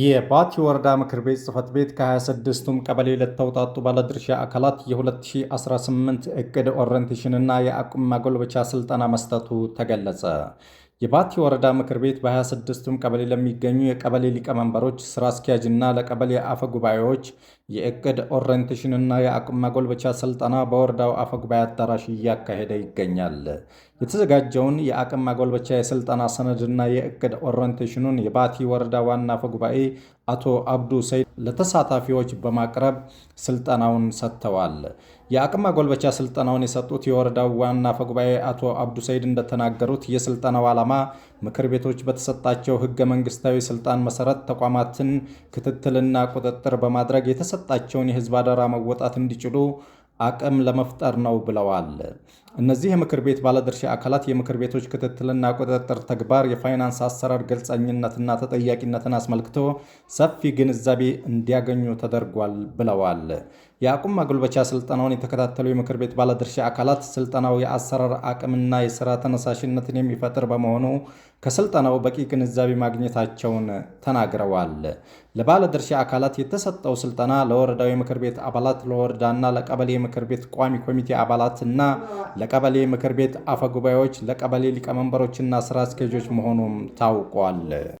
የባቲ ወረዳ ምክር ቤት ጽህፈት ቤት ከ26ቱም ቀበሌ ለተውጣጡ ባለድርሻ አካላት የ2018 እቅድ ኦሪንቴሽንና የአቅም ማጎልበቻ ስልጠና መስጠቱ ተገለጸ። የባቲ ወረዳ ምክር ቤት በ26ቱም ቀበሌ ለሚገኙ የቀበሌ ሊቀመንበሮች ስራ አስኪያጅና ለቀበሌ አፈ ጉባኤዎች የእቅድ ና የአቅም ማጎልበቻ ስልጠና በወረዳው አፈ ጉባኤ አዳራሽ እያካሄደ ይገኛል። የተዘጋጀውን የአቅም ማጎልበቻ የስልጠና ሰነድና የእቅድ ኦሪንቴሽኑን የባቲ ወረዳ ዋና አፈ ጉባኤ አቶ አብዱ ሰይድ ለተሳታፊዎች በማቅረብ ስልጠናውን ሰጥተዋል። የአቅም ማጎልበቻ ስልጠናውን የሰጡት የወረዳው ዋና አፈጉባኤ አቶ አብዱ ሰይድ እንደተናገሩት የስልጠናው ዓላማ ምክር ቤቶች በተሰጣቸው ህገ መንግስታዊ ስልጣን መሰረት ተቋማትን ክትትልና ቁጥጥር በማድረግ የተሰጣቸውን የህዝብ አደራ መወጣት እንዲችሉ አቅም ለመፍጠር ነው ብለዋል። እነዚህ የምክር ቤት ባለድርሻ አካላት የምክር ቤቶች ክትትልና ቁጥጥር ተግባር የፋይናንስ አሰራር ግልጸኝነትና ተጠያቂነትን አስመልክቶ ሰፊ ግንዛቤ እንዲያገኙ ተደርጓል ብለዋል። የአቁም ማጎልበቻ ስልጠናውን የተከታተሉ የምክር ቤት ባለድርሻ አካላት ስልጠናው የአሰራር አቅምና የስራ ተነሳሽነትን የሚፈጥር በመሆኑ ከስልጠናው በቂ ግንዛቤ ማግኘታቸውን ተናግረዋል። ለባለድርሻ አካላት የተሰጠው ስልጠና ለወረዳው የምክር ቤት አባላት ለወረዳና ለቀበሌ ምክር ቤት ቋሚ ኮሚቴ አባላትና ለቀበሌ ምክር ቤት አፈጉባኤዎች፣ ለቀበሌ ሊቀመንበሮችና ስራ አስኪያጆች መሆኑም ታውቋል።